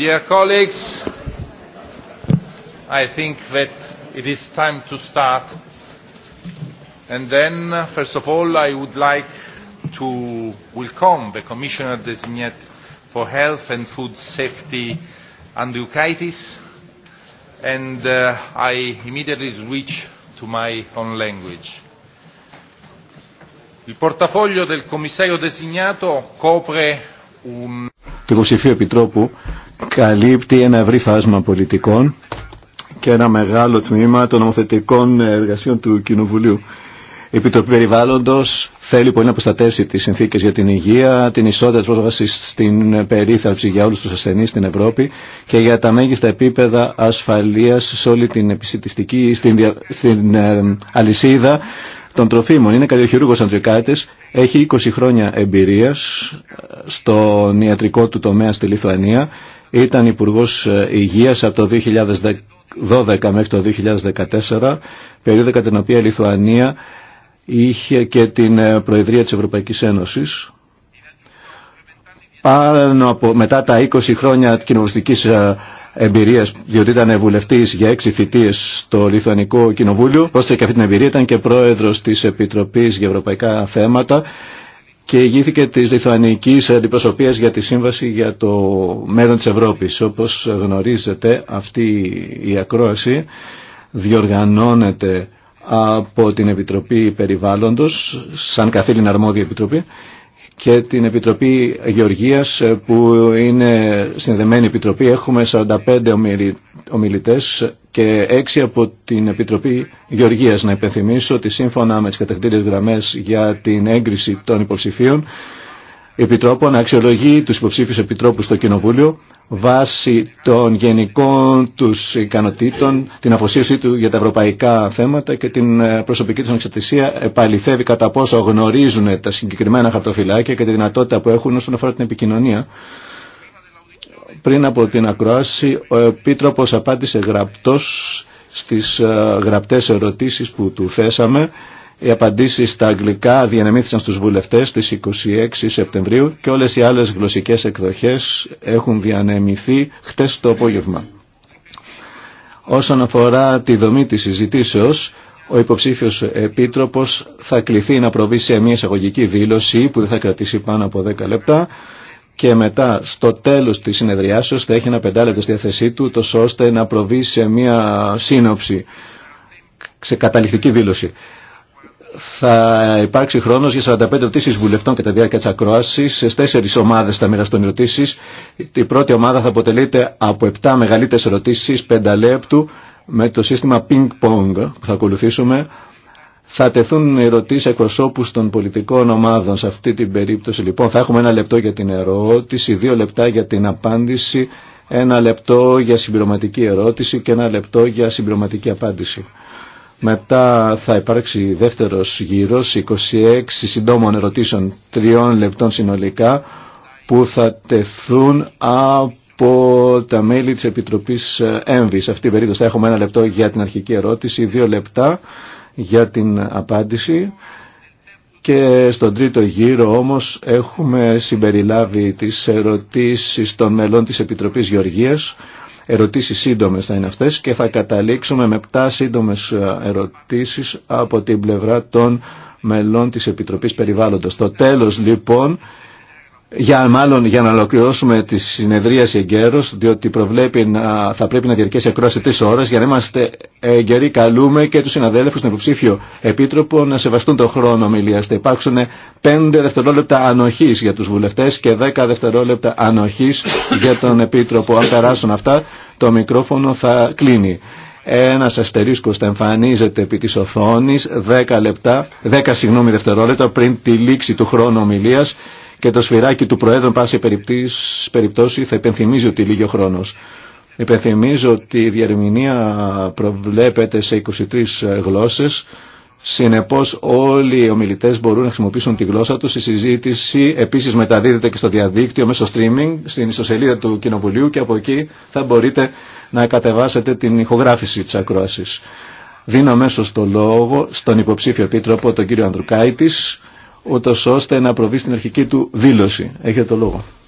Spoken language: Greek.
Dear colleagues, I think that it is time to start. And then, first of all, I would like to welcome the Commissioner Designate for Health and Food Safety, Andrew Kaitis, and I immediately switch to my own language. Il portafoglio del commissario designato copre un... Το υποψηφίο επιτρόπου καλύπτει ένα ευρύ φάσμα πολιτικών και ένα μεγάλο τμήμα των νομοθετικών εργασιών του Κοινοβουλίου. Η Επιτροπή Περιβάλλοντο θέλει πολύ να προστατεύσει τι συνθήκε για την υγεία, την ισότητα τη πρόσβαση στην περίθαλψη για όλου του ασθενεί στην Ευρώπη και για τα μέγιστα επίπεδα ασφαλεία σε όλη την επισητιστική, στην, ε, αλυσίδα των τροφίμων. Είναι καρδιοχειρούργο Αντρικάτη, έχει 20 χρόνια εμπειρία στον ιατρικό του τομέα στη Λιθουανία ήταν Υπουργό ε, Υγεία από το 2012 μέχρι το 2014, περίοδο κατά την οποία η Λιθουανία είχε και την ε, Προεδρία της Ευρωπαϊκής Ένωσης. Πάνω από, μετά τα 20 χρόνια κοινοβουλευτικής ε, εμπειρίας, διότι ήταν βουλευτής για 6 θητείες στο Λιθουανικό Κοινοβούλιο, πρόσθεσε και αυτή την εμπειρία, ήταν και πρόεδρος της Επιτροπής για Ευρωπαϊκά Θέματα και ηγήθηκε της Λιθουανικής Αντιπροσωπείας για τη Σύμβαση για το Μέλλον της Ευρώπης. Όπως γνωρίζετε αυτή η ακρόαση διοργανώνεται από την Επιτροπή Περιβάλλοντος σαν καθήλυνα αρμόδια επιτροπή και την Επιτροπή Γεωργίας ε, που είναι συνδεμένη επιτροπή. Έχουμε 45 ομιλητές και 6 από την Επιτροπή Γεωργίας. Να υπενθυμίσω ότι σύμφωνα με τις κατακτήριες γραμμές για την έγκριση των υποψηφίων Επιτρόπων αξιολογεί τους υποψήφιους επιτρόπους στο Κοινοβούλιο βάσει των γενικών τους ικανοτήτων, την αφοσίωσή του για τα ευρωπαϊκά θέματα και την ε, προσωπική του ανεξαρτησία επαληθεύει κατά πόσο γνωρίζουν τα συγκεκριμένα χαρτοφυλάκια και τη δυνατότητα που έχουν όσον αφορά την επικοινωνία. Πριν από την ακρόαση, ο Επίτροπος απάντησε γραπτός στις ε, γραπτές ερωτήσεις που του θέσαμε οι απαντήσει στα αγγλικά διανεμήθησαν στου βουλευτέ στι 26 Σεπτεμβρίου και όλε οι άλλε γλωσσικέ εκδοχέ έχουν διανεμηθεί χτε το απόγευμα. Όσον αφορά τη δομή τη συζητήσεω, ο υποψήφιο επίτροπος θα κληθεί να προβεί σε μια εισαγωγική δήλωση που δεν θα κρατήσει πάνω από 10 λεπτά και μετά στο τέλος της συνεδριάσεως θα έχει ένα πεντάλεπτο στη θέση του τόσο ώστε να προβεί σε μια σύνοψη, σε καταληκτική δήλωση. Θα υπάρξει χρόνο για 45 ερωτήσει βουλευτών κατά τη διάρκεια τη ακρόαση. Σε τέσσερι ομάδε θα μοιραστούν ερωτήσει. Η πρώτη ομάδα θα αποτελείται από 7 μεγαλύτερε ερωτήσει, 5 λεπτού, με το σύστημα ping-pong που θα ακολουθήσουμε. Θα τεθούν ερωτήσει εκπροσώπου των πολιτικών ομάδων. Σε αυτή την περίπτωση λοιπόν θα έχουμε ένα λεπτό για την ερώτηση, δύο λεπτά για την απάντηση, ένα λεπτό για συμπληρωματική ερώτηση και ένα λεπτό για συμπληρωματική απάντηση. Μετά θα υπάρξει δεύτερος γύρος, 26 συντόμων ερωτήσεων, τριών λεπτών συνολικά, που θα τεθούν από τα μέλη της Επιτροπής ΕΜΒΗ. Σε αυτή την περίπτωση θα έχουμε ένα λεπτό για την αρχική ερώτηση, δύο λεπτά για την απάντηση. Και στον τρίτο γύρο όμως έχουμε συμπεριλάβει τις ερωτήσεις των μελών της Επιτροπής Γεωργίας Ερωτήσεις σύντομες θα είναι αυτές και θα καταλήξουμε με 7 σύντομες ε, ερωτήσεις από την πλευρά των μελών της Επιτροπής Περιβάλλοντος. Το τέλος λοιπόν για, μάλλον, για να ολοκληρώσουμε τη συνεδρίαση εγκαίρω, διότι προβλέπει να, θα πρέπει να διαρκέσει ακρόαση τρει ώρε για να είμαστε εγκαιροί καλούμε και του συναδέλφου στον υποψήφιο επίτροπο να σεβαστούν το χρόνο ομιλία. Θα υπάρξουν 5 δευτερόλεπτα ανοχής για του βουλευτέ και 10 δευτερόλεπτα ανοχή για τον επίτροπο. Αν περάσουν αυτά, το μικρόφωνο θα κλείνει. Ένα αστερίσκο θα εμφανίζεται επί τη οθόνη 10, λεπτά, 10 συγγνώμη, δευτερόλεπτα πριν τη λήξη του χρόνου ομιλία και το σφυράκι του Προέδρου πάση περιπτώσει θα υπενθυμίζει ότι λύγει ο χρόνος. Υπενθυμίζω ότι η διαρμηνία προβλέπεται σε 23 γλώσσες. Συνεπώς όλοι οι ομιλητές μπορούν να χρησιμοποιήσουν τη γλώσσα τους. Η συζήτηση επίσης μεταδίδεται και στο διαδίκτυο μέσω streaming στην ιστοσελίδα του Κοινοβουλίου και από εκεί θα μπορείτε να κατεβάσετε την ηχογράφηση της ακρόασης. Δίνω αμέσω το λόγο στον υποψήφιο επίτροπο, τον κύριο Ανδρουκάητης, ούτως ώστε να προβεί στην αρχική του δήλωση. Έχετε το λόγο.